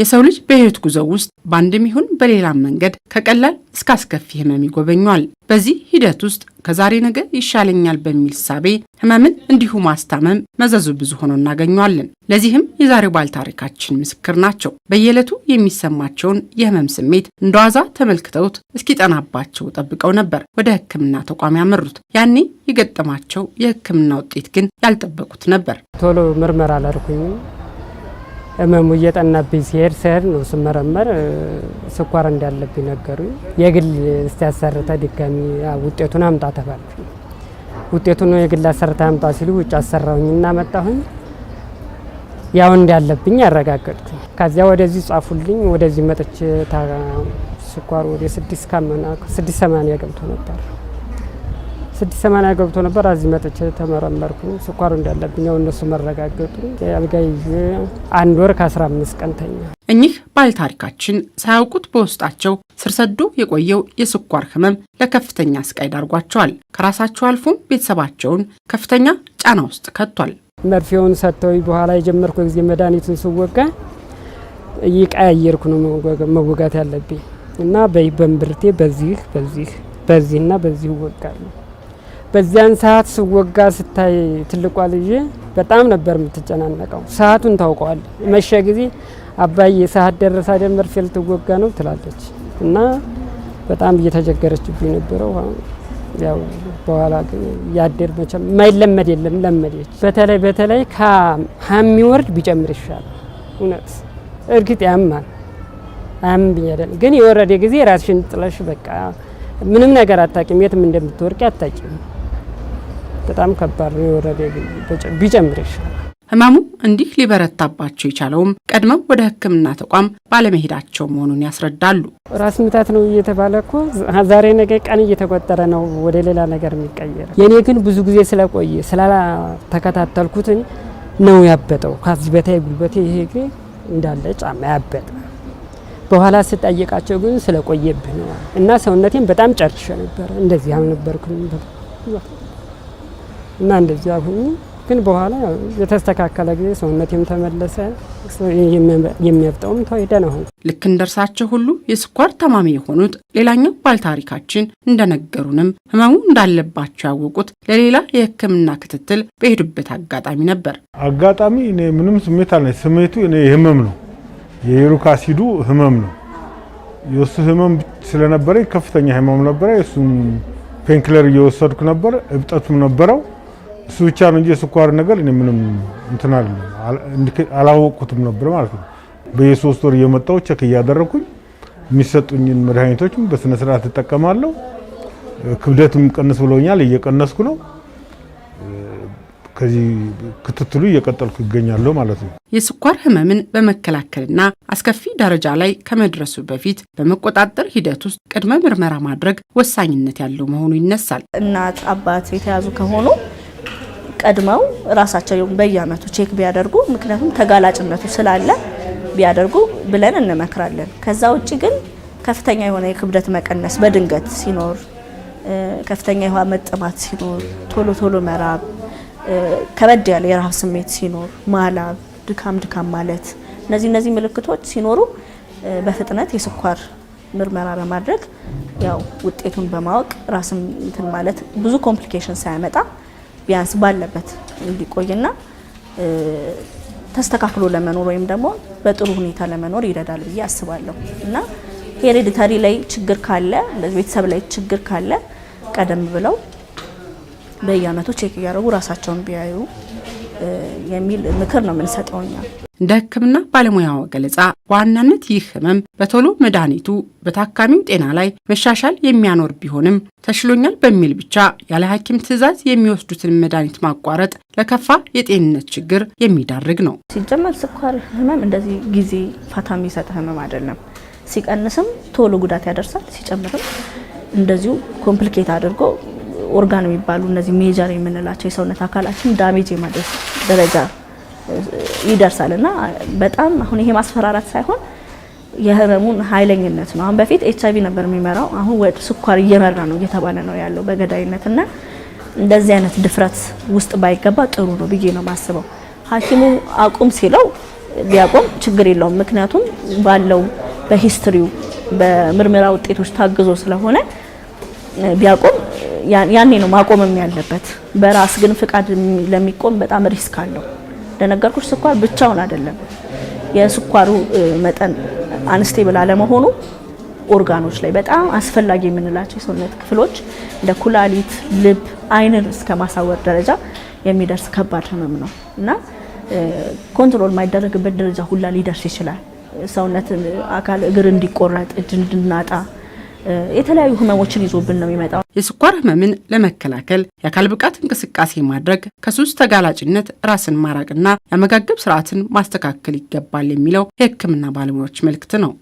የሰው ልጅ በህይወት ጉዞ ውስጥ በአንድም ይሁን በሌላ መንገድ ከቀላል እስከ አስከፊ ህመም ይጎበኟል። በዚህ ሂደት ውስጥ ከዛሬ ነገ ይሻለኛል በሚል ሳቤ ህመምን እንዲሁ ማስታመም መዘዙ ብዙ ሆኖ እናገኘዋለን። ለዚህም የዛሬው ባለታሪካችን ምስክር ናቸው። በየዕለቱ የሚሰማቸውን የህመም ስሜት እንደዋዛ ተመልክተውት እስኪጠናባቸው ጠብቀው ነበር ወደ ህክምና ተቋም ያመሩት። ያኔ የገጠማቸው የህክምና ውጤት ግን ያልጠበቁት ነበር። ቶሎ ምርመራ አላደረኩኝም ህመሙ እየጠናብኝ ሲሄድ ሲሄድ ነው ስመረመር ስኳር እንዳለብኝ ነገሩኝ። የግል እስቲ አሰርተ ድጋሚ ውጤቱን አምጣ ተባል። ውጤቱን የግል አሰርተ አምጣ ሲሉ ውጭ እና መጣሁኝ። ያው እንዳለብኝ አረጋገጥኩኝ። ከዚያ ወደዚህ ጻፉልኝ። ወደዚህ መጥቼ ስኳር ወደ ስድስት ሰማንያ ገብቶ ነበር። ስድስት ሰማንያ ገብቶ ነበር። አዚ መጥቼ ተመረመርኩ ስኳሩ እንዳለብኝ ያው እነሱ መረጋገጡ አልጋ ይዤ አንድ ወር ከአስራ አምስት ቀን ተኛ። እኚህ ባለታሪካችን ሳያውቁት በውስጣቸው ስር የቆየው የስኳር ህመም ለከፍተኛ ስቃይ ዳርጓቸዋል። ከራሳቸው አልፎም ቤተሰባቸውን ከፍተኛ ጫና ውስጥ ከቷል። መርፌውን ሰጥተው በኋላ የጀመርኩ ጊዜ መድኃኒቱን ስወጋ እየቀያየርኩ ነው መወጋት ያለብኝ እና በእምብርቴ በዚህ በዚህ በዚህና በዚህ እወጋለሁ። በዚያን ሰዓት ስወጋ ስታይ ትልቋ ልጄ በጣም ነበር የምትጨናነቀው። ሰዓቱን ታውቀዋል። መሸ ጊዜ አባዬ ሰዓት ደረሳ ደመር ፌል ትወጋ ነው ትላለች እና በጣም እየተቸገረችብኝ ነበረው። ያው በኋላ ግን ያደር መቼም ማይለመድ የለም ለመደች። በተለይ በተለይ ከሚወርድ ቢጨምር ይሻላል። እውነት እርግጥ ያማል አያምብኝ አይደለም ግን የወረደ ጊዜ ራስሽን ጥለሽ በቃ ምንም ነገር አታቂም። የትም እንደምትወርቅ አታቂም። በጣም ከባድ ነው። የወረደ ቢጨምር ይሻላል። ህመሙ እንዲህ ሊበረታባቸው የቻለውም ቀድመው ወደ ሕክምና ተቋም ባለመሄዳቸው መሆኑን ያስረዳሉ። ራስ ምታት ነው እየተባለ እኮ ዛሬ ነገ ቀን እየተቆጠረ ነው ወደ ሌላ ነገር የሚቀየር። የእኔ ግን ብዙ ጊዜ ስለቆየ ስላልተከታተልኩት ነው ያበጠው። ከዚህ በታይ ጉልበቴ ይሄ እግሬ እንዳለ ጫማ ያበጠ። በኋላ ስጠየቃቸው ግን ስለቆየብህ ነው እና ሰውነቴን በጣም ጨርሼ ነበር። እንደዚህ ነበርኩ እና እንደዚያ ሁኝ ግን በኋላ የተስተካከለ ጊዜ ሰውነቴም ተመለሰ፣ የሚያብጠውም ተወሄደ ነው። ልክ እንደርሳቸው ሁሉ የስኳር ታማሚ የሆኑት ሌላኛው ባለታሪካችን እንደነገሩንም ህመሙ እንዳለባቸው ያወቁት ለሌላ የህክምና ክትትል በሄዱበት አጋጣሚ ነበር። አጋጣሚ እኔ ምንም ስሜት አለ ስሜቱ እኔ የህመም ነው የዩሪክ አሲዱ ህመም ነው የእሱ ህመም ስለነበረ ከፍተኛ ህመም ነበረ። የእሱም ፔንክለር እየወሰድኩ ነበረ። እብጠቱም ነበረው እሱ ብቻ ነው እንጂ የስኳር ነገር እኔ ምንም እንትን አላወቅኩትም ነበር ማለት ነው። በየሶስት ወር እየመጣው ቸክ እያደረግኩኝ የሚሰጡኝን መድኃኒቶችም በስነ ስርዓት እጠቀማለሁ። ክብደትም ቀንስ ብለውኛል፣ እየቀነስኩ ነው። ከዚህ ክትትሉ እየቀጠልኩ ይገኛለሁ ማለት ነው። የስኳር ህመምን በመከላከልና አስከፊ ደረጃ ላይ ከመድረሱ በፊት በመቆጣጠር ሂደት ውስጥ ቅድመ ምርመራ ማድረግ ወሳኝነት ያለው መሆኑ ይነሳል። እናት አባት የተያዙ ከሆኑ ቀድመው ራሳቸውን በየአመቱ ቼክ ቢያደርጉ ምክንያቱም ተጋላጭነቱ ስላለ ቢያደርጉ ብለን እንመክራለን። ከዛ ውጭ ግን ከፍተኛ የሆነ የክብደት መቀነስ በድንገት ሲኖር፣ ከፍተኛ የውሃ መጠማት ሲኖር፣ ቶሎ ቶሎ መራብ፣ ከበድ ያለ የረሃብ ስሜት ሲኖር፣ ማላብ፣ ድካም ድካም ማለት እነዚህ እነዚህ ምልክቶች ሲኖሩ በፍጥነት የስኳር ምርመራ በማድረግ ያው ውጤቱን በማወቅ ራስን እንትን ማለት ብዙ ኮምፕሊኬሽን ሳያመጣ ቢያንስ ባለበት እንዲቆይና ተስተካክሎ ለመኖር ወይም ደግሞ በጥሩ ሁኔታ ለመኖር ይረዳል ብዬ አስባለሁ እና ሄሬዲታሪ ላይ ችግር ካለ እንደዚህ ቤተሰብ ላይ ችግር ካለ ቀደም ብለው በየአመቱ ቼክ እያደረጉ ራሳቸውን ቢያዩ የሚል ምክር ነው የምንሰጠው እኛ። እንደ ሕክምና ባለሙያ ገለጻ በዋናነት ይህ ህመም በቶሎ መድኃኒቱ በታካሚው ጤና ላይ መሻሻል የሚያኖር ቢሆንም ተሽሎኛል በሚል ብቻ ያለ ሐኪም ትዕዛዝ የሚወስዱትን መድኃኒት ማቋረጥ ለከፋ የጤንነት ችግር የሚዳርግ ነው። ሲጀመር ስኳር ህመም እንደዚህ ጊዜ ፋታ የሚሰጥ ህመም አይደለም። ሲቀንስም ቶሎ ጉዳት ያደርሳል፣ ሲጨምርም እንደዚሁ ኮምፕሊኬት አድርጎ ኦርጋን የሚባሉ እነዚህ ሜጀር የምንላቸው የሰውነት አካላችን ዳሜጅ የማድረስ ደረጃ ይደርሳል እና በጣም አሁን ይሄ ማስፈራራት ሳይሆን የህመሙን ኃይለኝነት ነው። አሁን በፊት ኤች አይቪ ነበር የሚመራው፣ አሁን ወደ ስኳር እየመራ ነው እየተባለ ነው ያለው በገዳይነት እና እንደዚህ አይነት ድፍረት ውስጥ ባይገባ ጥሩ ነው ብዬ ነው ማስበው። ሐኪሙ አቁም ሲለው ቢያቆም ችግር የለውም ምክንያቱም ባለው በሂስትሪው በምርመራ ውጤቶች ታግዞ ስለሆነ ቢያቆም ያኔ ነው ማቆምም ያለበት። በራስ ግን ፍቃድ ለሚቆም በጣም ሪስክ አለው። እንደነገርኩሽ ስኳር ብቻውን አይደለም። የስኳሩ መጠን አንስቴብል አለመሆኑ ኦርጋኖች ላይ በጣም አስፈላጊ የምንላቸው የሰውነት ክፍሎች እንደ ኩላሊት፣ ልብ፣ አይንን እስከ ማሳወር ደረጃ የሚደርስ ከባድ ህመም ነው እና ኮንትሮል የማይደረግበት ደረጃ ሁላ ሊደርስ ይችላል። ሰውነት አካል እግር እንዲቆረጥ፣ እጅ እንድናጣ የተለያዩ ህመሞችን ይዞብን ነው የሚመጣው። የስኳር ህመምን ለመከላከል የአካል ብቃት እንቅስቃሴ ማድረግ፣ ከሱስ ተጋላጭነት ራስን ማራቅና የአመጋገብ ስርዓትን ማስተካከል ይገባል የሚለው የህክምና ባለሙያዎች መልእክት ነው።